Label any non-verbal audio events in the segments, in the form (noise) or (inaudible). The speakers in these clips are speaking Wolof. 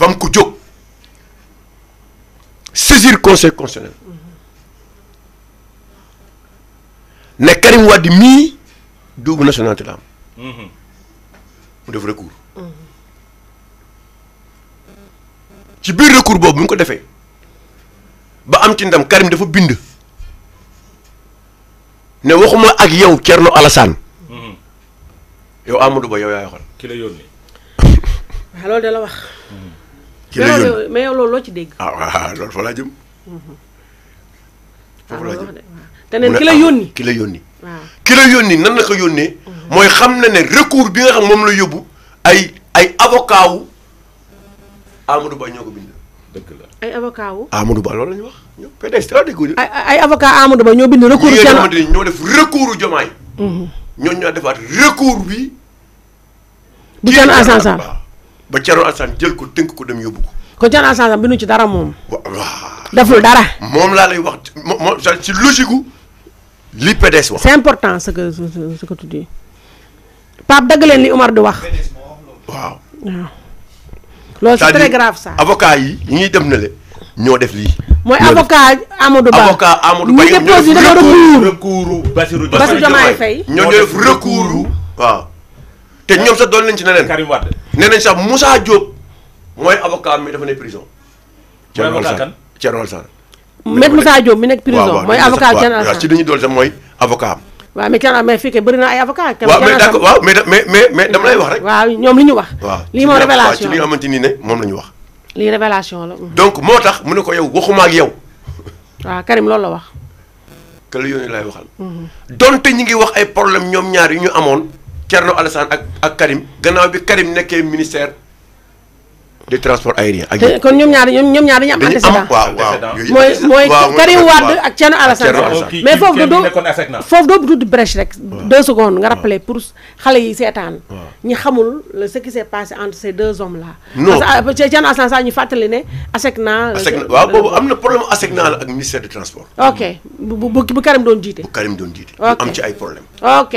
dafa am ku jóg saisir conseil constitutionnel mm-hmm. ne Karim Wade mii double nationalité la am. Mm-hmm. mu def recours. Mm-hmm. ci biir recours boobu bu ñu ko defee ba am ci ndam Karim dafa bind ne waxuma ak yow Thierno Alassane. yow Amadou Ba yow yaay xool. ki la yónni. (laughs) waaw loolu de wax. ci yoon mais yow loolu loo ci dégg. ah foofu laa jëm mhm. ah, la ah, yónni ki la yónni. ki la yónni nan la ko yónnee. Mhm. mooy xam na ne recours bi nga xam moom la yóbbu ay ay avocat wu Amadou Ba ñoo ko bind. wax ñoom PDS dara dégguñu. ay ñoo bind recours. seen ñoo def recours mhm. bi. bu seen ascenseur. ba Thierno Alassane jël ko tënk ko dem yóbbu ko. ko Thierno bi nu ci dara moom. waaw deful dara. moom laa lay wax moom ci logique gu li PDS wax. c'est important ce que ce que tu dis Pape dëgg leen li Umar di wax. waaw. loolu c'est très grave ça. avocat yi ñi ñuy dem na le ñoo def lii. mooy avocat Amadou Ba avocat Amadou Ba ñoom ñoo def recours ñoo def recours waaw. te ñoom sax doon nañ ci neneen Karim Wade nee nañ sax Moussa Diop mooy avocat mi dafa ne prison. Thierno Alassane kan Thierno Alassane. Maître Moussa mi nekk prison mooy avocat Thierno Alassane ci li ñu doon sax mooy avocat am. waaw mais Thierno na ay avocat. waaw mais d'accord dama lay wax rek. waaw ñoom li ñu wax. waaw lii moom révélation ci li ni ne moom la ñu wax. lii révélation la. donc moo tax mu ne ko yow waxuma ak yow. waaw Karim loolu la wax. que la yónnee laay waxal. Mhm. donte ñi ngi wax ay problème ñoom ñaar yu ñu amoon Thierno Alassane ak ak Karim gannaaw bi Karim nekkee ministère des transports aériens. ak kon ñoom ñaari ñoom ñaari ñu am. antécédent waaw waaw mooy mooy Karim Wade ak Thierno Alassane. mais foofu doo foofu doo tudd brèche rek. deux secondes nga rappeler pour xale yi seetaan. ñi xamul ce qui s'est passé entre ces deux hommes là. non parce que euh, Thierno Alassane Sall ñu fàttali ne ASECNA. Euh, ASECNA waaw boobu am na problème ASECNA la ak ministère des transports. ok bu bu bu Karim doon jiite. bu Karim doon jiite. ok.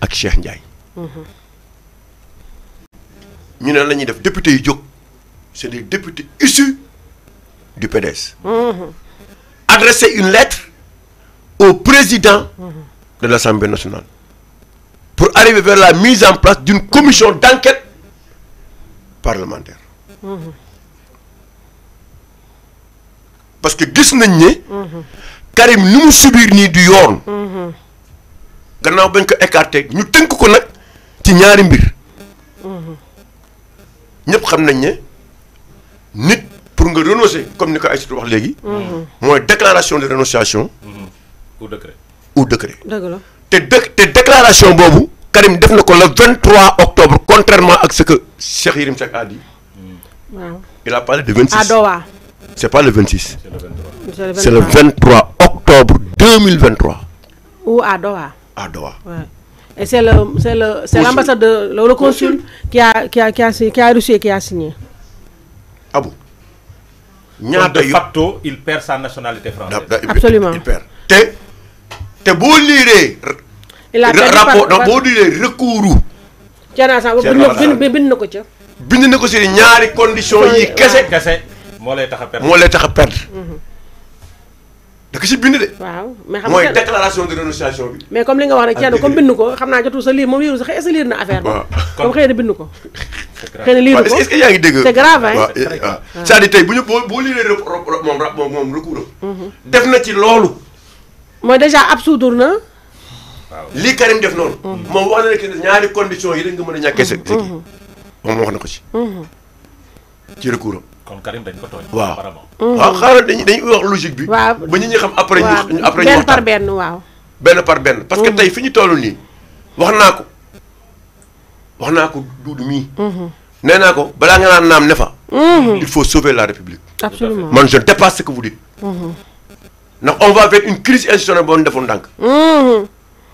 ak Cheikh Ndiaye. ñu def député c'est des députés issus du PDS. adresser une lettre au président de l'Assemblée nationale pour arriver vers la mise en place d'une commission d'enquête parlementaire. parce que gis nañ ne. Karim nous mu subir ni du yoon. Nous bañ écarté ñu tënk ko nag ci ñaari mbir ñëpp xam nañ nit pour nga renoncer comme ni ko dit wax léegi. mooy déclaration de renonciation. ou décret ou décret. dëgg la déclaration boobu. Karim def na ko le 23 octobre contrairement à ce que Cheikh yirim a dit. il a parlé de 26 C'est C'est pas le 26. C'est le 23 le 23 octobre 2023. ou à Doha à Doha. Ouais. Et c'est le c'est le, c'est le, le, consul, qui, a, qui, a, qui, a, signé qui a reçu et qui a signé. Ah bon Donc, de facto, il perd sa nationalité française. Absolument. Il perd. T'es, t'es beau lire. Il a perdu rapport, par, beau lire, recours. Tiens, ça va. Bin na ko ci. Bin na ci ñaari conditions yi kessé kessé mo lay taxa perdre. Mo lay taxa perdre. Mhm. da ko si bind de. waaw mais xam nga mooy déclaration de renonciation bi. mais comme li nga wax rek ah, Thierno comme bind ko xam naa jotul sa lire moom yëngu sa xëy na affaire ba comme xëy ngi dégg. c'est grave hein waaw eh, ah. c'est-à-dire tey bu ñu boo boo lire moom ra moom recours mm-hmm. def na ci loolu. mooy déjà absoudre na. lii Karim def noonu. Mm-hmm. moom wax na ne que ñaari conditions yi rek nga mën a ñàkkee sa. Mm-hmm. moom wax na ko si ci recours am. kon Karim dañ ko tooñ waaw waaw mm-hmm. xaaral dañ dañ wax logique bi waaw ba ñu xam après ñu après ñu benn par benn waaw benn par benn parce que mm-hmm. tey fi ñu toll nii wax naa ko wax naa ko duudu mii mm-hmm. nee naa ko balaa nga naan naam ne fa il faut sauver la république absolument man je dépasse ce que vous dites ndax on va vers une crise institutionnelle boo defoon ndànk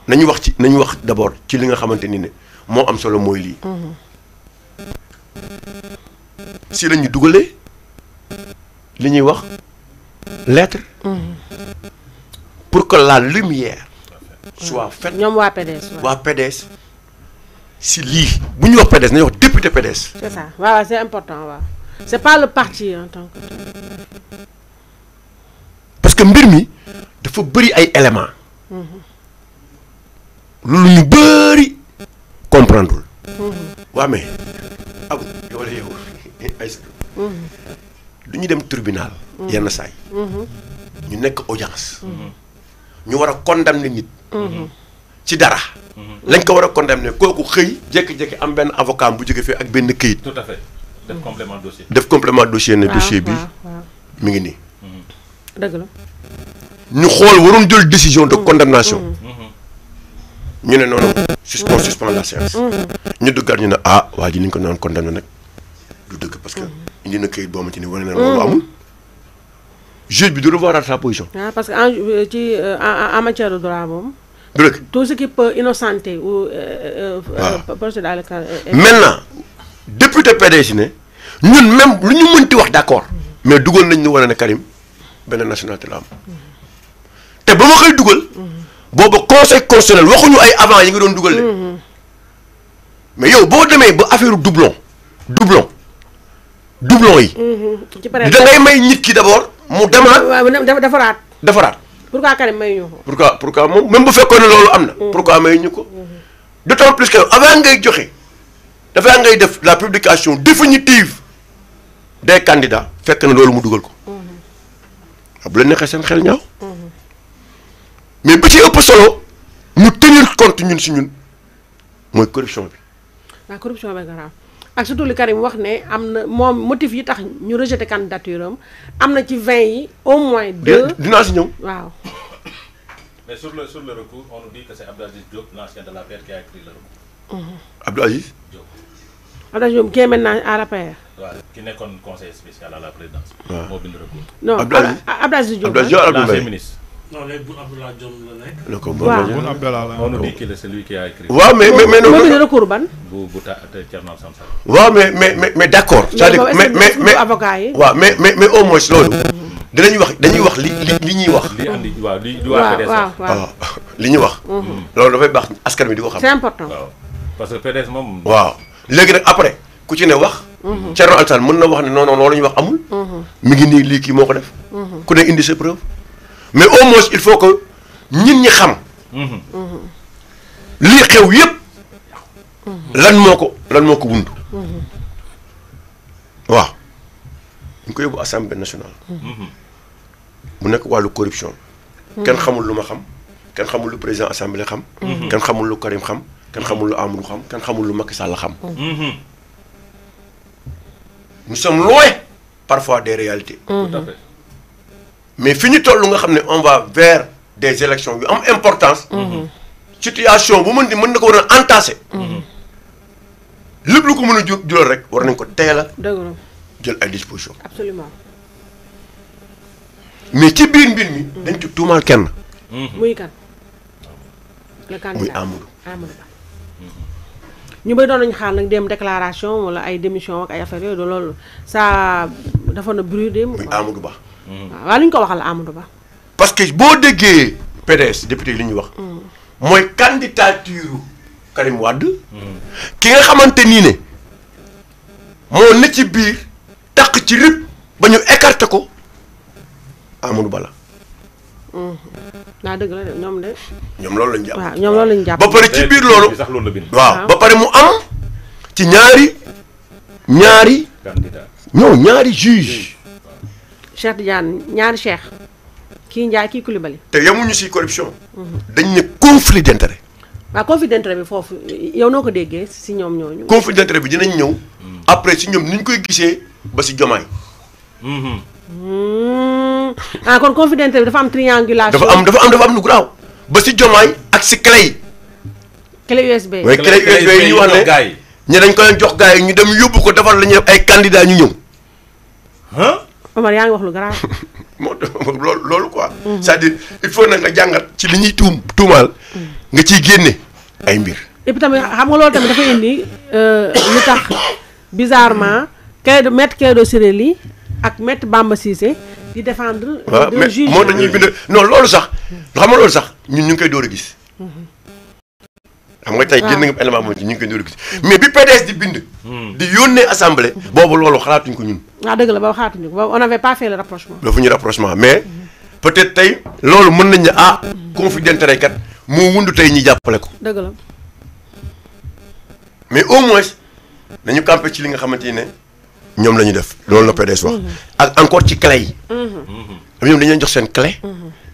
nañu wax ci nañu wax d' abord ci li nga xamante ne moo am solo mooy lii si lañu dugalee li ñuy wax lettre. pour que la lumière. soit faite ñom wa PDS. wa PDS si li bu ñuy wax PDS ñu wax député PDS. c'est ça waaw c'est important wa c'est pas le parti hein, en tant que parce que mbir mi dafa bëri ay éléments. Mhm. lu ñu bëri comprendre mhm. Wa mais. ah yo la yow. (laughs) duñu dem tribunal mm-hmm. yenn saay mm-hmm. ñu nekk audience mm-hmm. ñu war a condamner nit ci dara lañ ko war a condamner kooku xëy jékki-jékki am benn avocat bu jóge fi ak benn këyit tout à fait def complément dossier def complément dossier ne ah, dossier bi ah, ah. mi ngi nii dëgg la ñu xool waroon jël décision de condamnation ñu ne noonu suspend suspend la séance ñu duggaat ñu ne ah waa ji ni ñu ko naan condamner nag du dëgg parce que indi na këyit boo ci ni wane na loolu amul. juge bi de revoir sa position. ah parce que ah, euh, euh, en ci en matière de droit bom du rek tout ce qui peut innocenter ou. Euh, ah. procéder à maintenant député PDG ne ñun même lu ñu mënti wax d'accord mais dugol nañ ni wane ne Karim benn nationalité la am. té ba ma koy dugal. booba conseil constitutionnel ñu ay avant yi nga doon dugal. Mm-hmm. mais yow bo demee ba affaire doublon doublon. doublon yi. Mm-hmm. da ngay may nit ki d' abord mu demaat. waaw defaraat. defaraat. pourquoi Karim mayuñu ko. pourquoi pourquoi moom bu fekkoon loolu am na. Mm-hmm. pourquoi mayuñu ko. d' autant plus que avant ngay joxe dafaa ngay def la publication définitive des candidats fekk na loolu mu dugal ko. Mm-hmm. Ah, bu la neexee seen xel ñaaw. mais bi ci ëpp solo ñu tenir compte ñun si ñun mooy corruption bi. waaw ak surtout le Karim wax né amna na motif yi tax ñu rejeté candidature am am ci 20 yi au moins. deux dina ci ñew waaw. (laughs) mais sur le sur le recours on nous dit que c'est abdelaziz Aziz Diop l'ancien de la paire qui a écrit le recours. Mm-hmm. abdelaziz Aziz. Diop Abdou Diop qui est maintenant à la paire. waaw ki qu'un conseil spécial à la présidence. recours. non abdelaziz Diop Abdou Aziz Diop l'ancien ministre. non léegi Boun Abdallah Dionne la nekk. la ko Boun Abdallah waaw on dit qu'il est celui qui a écrit. waaw mais mais mais non recours ban. bu bu ta Thierno Alassane Sall. waaw mais mais mais mais d'accord. c'est-à-dire mais mais mais avocat yi. waaw mais mais mais au moins loolu. dinañu wax dañuy wax li li li ñuy wax. li andi waaw li li waa PDS waaw ah, li ñu wax. Mm-hmm. loolu dafay baax askan wi di ko xam. c'est important waaw parce que PDS moom. waaw léegi nag après ku ci ne wax. Mm-hmm. Thierno Alassane mën na wax ne non non loolu ñu wax amul. Mm-hmm. mi ngi nii lii kii moo ko def. ku ne indi sa preuve. mais au moins il faut que nit ñi xam. lii xew yépp lan moo ko lan moo ko wund. waaw ñu ko yóbbu assemblée nationale. mu nekk wàllu corruption. kenn xamul lu ma xam. kenn xamul lu président assemblée xam. kenn xamul lu Karim xam. kenn xamul lu Amadou xam kenn xamul lu Macky sàll xam. nous sommes loin parfois des réalités. mais fini tout le nga xam on va vers des élections yu am importance. Mm-hmm. situation bu mën di mën na ko war a entassé. Mm-hmm. lépp lu ko mën a ju jural rek war nañ ko jël disposition absolument mais ci biir mbir mi. Mm. dañ ci mal kenn. Mm-hmm. muy kan. le candidat muy Amadou. Amadou Ba ñu bay doon nañ xaar nak dem déclaration wala ay démission ak ay affaire do lol ça dafa na bruit dem. muy Amadou Ba. Mhm. waaw ko waxal Amadou Ba. parce que boo déggee PDS député li wax. Mhm. mooy candidature Karim Wade. Mhm. ki nga xamante nii ne moo ne ci biir takk ci rip ba écarté ko Amadou la. naa la de de. ñoom lañ lañ ba ci biir sax la waaw ba mu am ci ñaari ñaari. candidat ñoo juge cheikh tidiane ñaari cheikh ki njaay ki kulibali te yamuñu ci corruption dañ ne conflit d'intérêt wa conflit d'intérêt bi fofu yow noko déggé ci ñom ñooñu conflit d'intérêt bi dinañ ñëw mm. après ci ñom niñ koy gisé ba ci hmm mm-hmm. ah kon conflit d'intérêt bi dafa am triangulation dafa am dafa am dafa am lu graw ba ci jomaay ak ci clé clé USB way clé USB yi wax né gaay ñi dañ ko jox gaay ñu dem yobbu ko defal lañu ay candidat ñu Omar yaa ngi wax lu grave. (laughs) moo loolu loolu quoi. c'est-à-dire il faut nag nga jàngat ci li ñuy tuum tuumaal. nga ciy génne ay mbir. et tamit xam nga loolu tamit dafa indi euh, lu tax bizarrement Kédo maître Kédo Ciré ak maître Bamba Cissé di défendre. waaw mais moo tax ñuy bind non loolu sax xam nga loolu sax ñu ñu ngi koy door a gis. Mhm. xam nga tey génn nga ah. élément moom ñu ngi koy dóor gis mais bi PDS di bind. Hmm. di yónnee assemblée. boobu loolu xalaatuñ ko ñun. waaw ah, dëgg la boobu xalaatuñ ko boobu on avait pas fait le rapprochement. dafa ñu rapprochement mais peut-être tey loolu mën nañ ne ah conflit d'intérêt kat moo wundu tey ñi jàppale ko. dëgg la mais au moins nañu campé ci li nga xamante ne ñoom la ñu def. loolu la PDS wax. Hmm. ak encore ci clé yi. Hmm. ñoom dañu leen jox seen clé.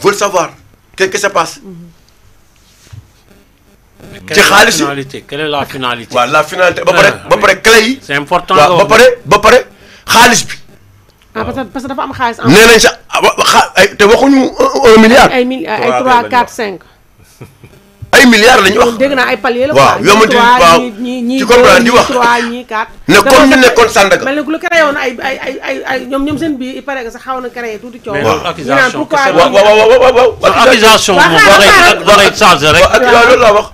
veulent savoir qu'est-ce qui se ci xaalis la finalité. waaw la finalité ba pare ba pare important waaw ba pare ba pare xaalis bi. ah parce que dafa am xaalis. nee nañ sa ah, te waxuñu un milliard. ay mil ay trois cinq. milliards lañu wax. dégg naa ay palier la waaw yomati di wax ne comme ñu nekkoon Sandaga. mel ni ku la créé woon ay ay ay ay seen biir il paraît que sax xaw na créé tuuti coow. waaw waaw waaw laa wax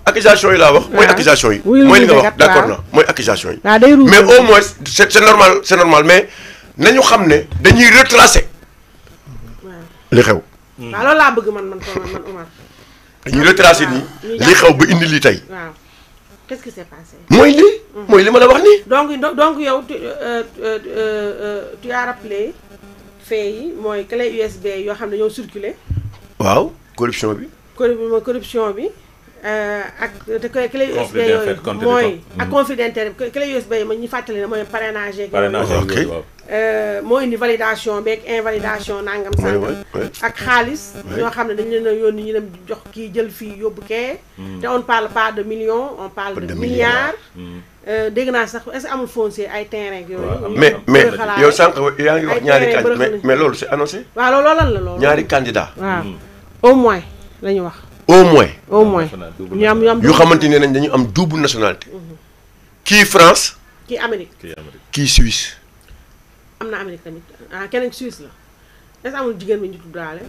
accusation yi laa wax mooy ah. accusation yi. mooy li nga wax d'accord na mooy accusation yi. Ah, mais au moins c'est c'est normal c'est normal mais nañu xam ne dañuy retracer li xew. waaw ah, loolu laa bëgg man man man ñu retracé nii li xaw ba indi lii tey. waaw qu'est-ce mooy lii. mooy li ma la wax nii. donc donc yow tu euh, euh, euh, tu as rappelé fait yi mooy clé USB yoo xam ne ñoo circulé. waaw corruption bi. corruption bi. a que clé USB yooyu mooy ak confidentiel clé USB yooyu ma ñu fàttali ne mooy parrainage yeeg eh, moo indi validation beeg invalidation mm. nangam sangam ak xaalis ñoo xam ne dañ leen a yónni ñu dem jox kii jël fii yóbbu kee mm. te on parle pas de millions on parle de milliards mm. eh, dégg naa sax est-ce que amul foncier ay terrain ak yooyu mais mais yow sànq yaa ngi wax ñaari candidat mais loolu c'est annoncé waaw loolu lan la loolu ñaari candidat waaw au moins la ñu wax au moins. au moins ñu am yu xamante ne nañ dañu am double nationalité. kii France. kii Amérique kii Suisse. am na Amérique tamit ah keneen Suisse la est-ce que amul jigéen bi ñu tuddaale.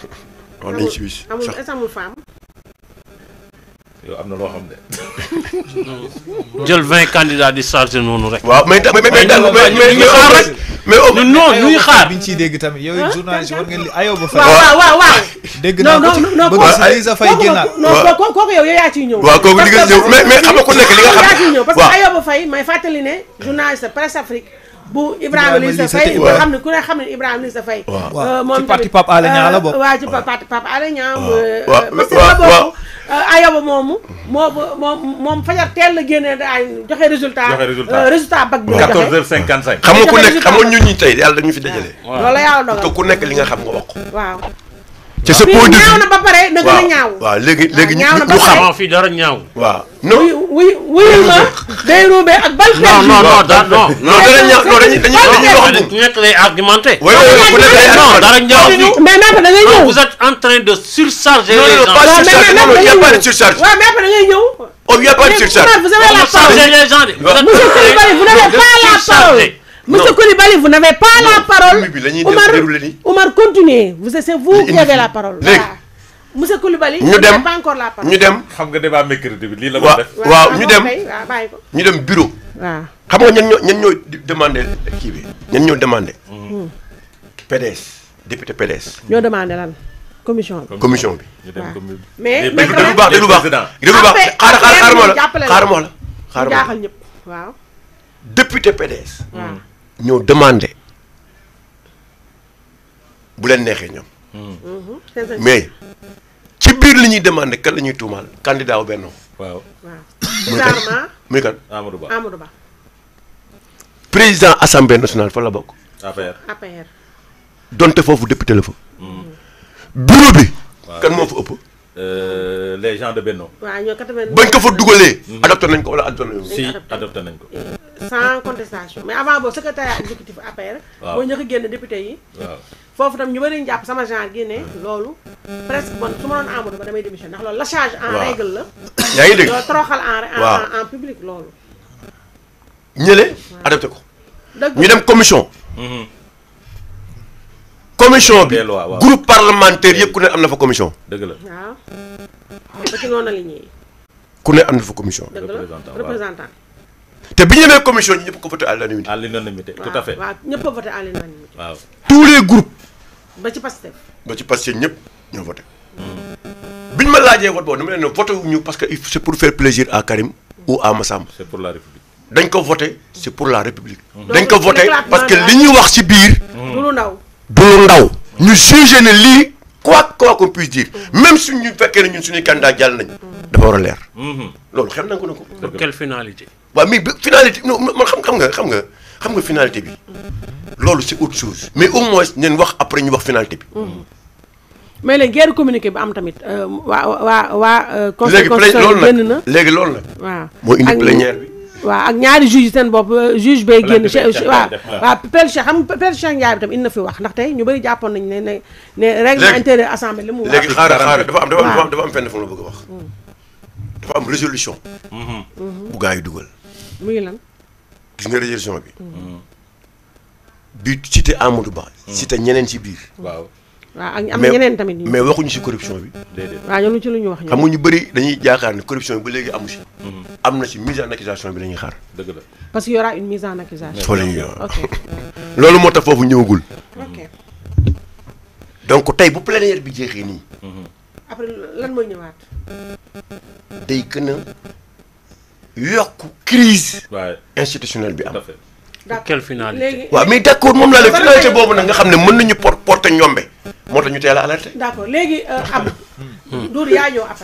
(laughs) amul Suisse amul est amul femme. yow am na loo xam ne. (laughs) jël vingt candidats di chargé noonu rek. waaw mais mais mais dal mais mais ñu xaar rek. mais dégg tamit yow journaliste war ngeen li ayoo ba fay. waaw waaw waaw dégg naa ko ci bëgg si fay génnaat. waaw kooku kooku yow yaa ciy ñëw. waaw kooku di nga ñëw xam ku nekk li xam. fàttali ne journaliste presse Afrique. bu ku ne xam ne Ibrahima Lissa fay waaw waaw euh, ci parti Pape Alé Niang la euh, ci parti Pape Alé Niang. Euh, ah euh, ayaba moomu. moom moom fajar teel la génne daañu joxe résultat. joxe résultat euh, résultat bac bi la joxe 14h55. xam nga ku nekk xam nga ñun ñi tey yàlla dañu fi dajale. waaw loolu la yàlla dogal te ku nekk li nga xam nga wax. waaw. ci ce point de vue ñaaw na ba pare da gën ñaaw. waaw léegi léegi ñu ñu xam fi dara ñaaw. wa non oui oui oui ma day roubé ak bal. non non non non. non dara ñaaw non dañuy dañuy wax bu nekk lay argumenter oui oui bu nekk lay non dara ñaaw fii. mais mais da ngay ñëw vous êtes en train de surcharger les gens. non mais surcharger non y a pas de surcharge. waaw mais après da ngay ñëw. oh y a pas de surcharge. vous avez la parole. vous n'avez pas la charge Monsieur Koulibaly, vous n'avez pas la parole. Omar, continuez. Vous, c'est vous qui avez la parole. Monsieur Koulibaly, vous n'avez pas encore la parole. Nous dem. Xam nga débat mercredi n'avez la bureau. Waaw. Xam nga ñan demander hmm. député PDS. Nous demander commission commission mais mais baax de lu baax de lu la la. député PDS. Hmm. ñoo demandé bu leen neexee ñoom. Mm-hmm. mais ci biir li ñuy demandé kan la ñuy tuumaal candidat wu Benno. waaw waaw. muy kan Amadou président assemblée nationale fa la bokk. APR donte foofu député la fa. bureau bi. kan moo fa ëpp. Euh, les gens de Benno. waaw ñoo bañ ko fa dugalee. Mm-hmm. adopté nañ ko wala adopté nañ nañ ko. sans contestation mais avant boo secrétaire exécutif APR. waaw mooy njëkk a génn député yi. waaw foofu tam ñu bëri ñu jàpp sama genre gi hmm. loolu presque bon su ma doon Amadou Ba damay démission ndax loolu lâchage en règle la. (coughs) yaa ngi dégg loolu toroxal en en en public loolu. ñële adopté ko. ñu dem commission. Hmm. commission bi groupe parlementaire yëpp ku ne am na fa commission. dëgg la waaw. ba ci noonu la ñuy. ku ne am na fa commission. dëgg la représentant. te bi ñu demee commission ñi ñëpp ko voté à l'unanimité. à l'unanimité tout à fait ne ñëpp a voté à l'unanimité. waaw tous les groupes. ba ci Pastef. ba ci Pastef ñëpp ñoo voté. biñ ma laajee vote bon, dama leen ne voté pas parce que c'est pour faire plaisir à Karim ou à Massam, c'est pour la République. dañ ko voté c'est pour la République. dañ ko voté parce que li ñu wax ci biir. du ndaw du ñu jugé quoi quoi qu'on puisse dire mm-hmm. même si ñu faisons ne ñun suñuy candidat jàll nañ. Mm-hmm. dafa war xam mm-hmm. na ko ko. pour quelle finalité mais finalité non xam xam nga xam nga finalité c'est autre chose. mais au moins ñen wax après ñu wax finalité bi. Mm-hmm. mais les guerres communiqué bi am tamit euh, wa wa wa euh, conseil constitutionnel la indi plénière bi. ak juge seen euh, juge bay génn xam na fi wax ñu ne ne ne intérieur assemblée li mu wax léegi xaaral dafa am dafa am dafa am fenn fu mm. résolution mm-hmm. bu muy lan. gis nga région bi. bi mm-hmm. mm-hmm. cité Amadou Ba. Mm-hmm. cité ñeneen ci biir. waaw. waaw ak am ñeneen tamit mais waxuñu si corruption bi. déedéet waaw ñoom ci lu ñu wax ñu. xam ñu bëri dañuy jaakaar ne corruption bi ba léegi amu si. am na si mise en accusation bi dañuy xaar. dëgg la parce que y aura une mise en accusation. loolu moo tax foofu ñëwagul. ok donc tey bu plénière bi jeexee nii. après lan mooy ñëwaat. day gën a yokk crise institutionnelle bi am. quelle finalité. waaw mais d' accord moom laa la boobu nag nga xam ne mën nañu porter ñombe moo tax ñu teel a alerté. d' accord léegi euh, am. Hmm. Dour yaa ñëw après.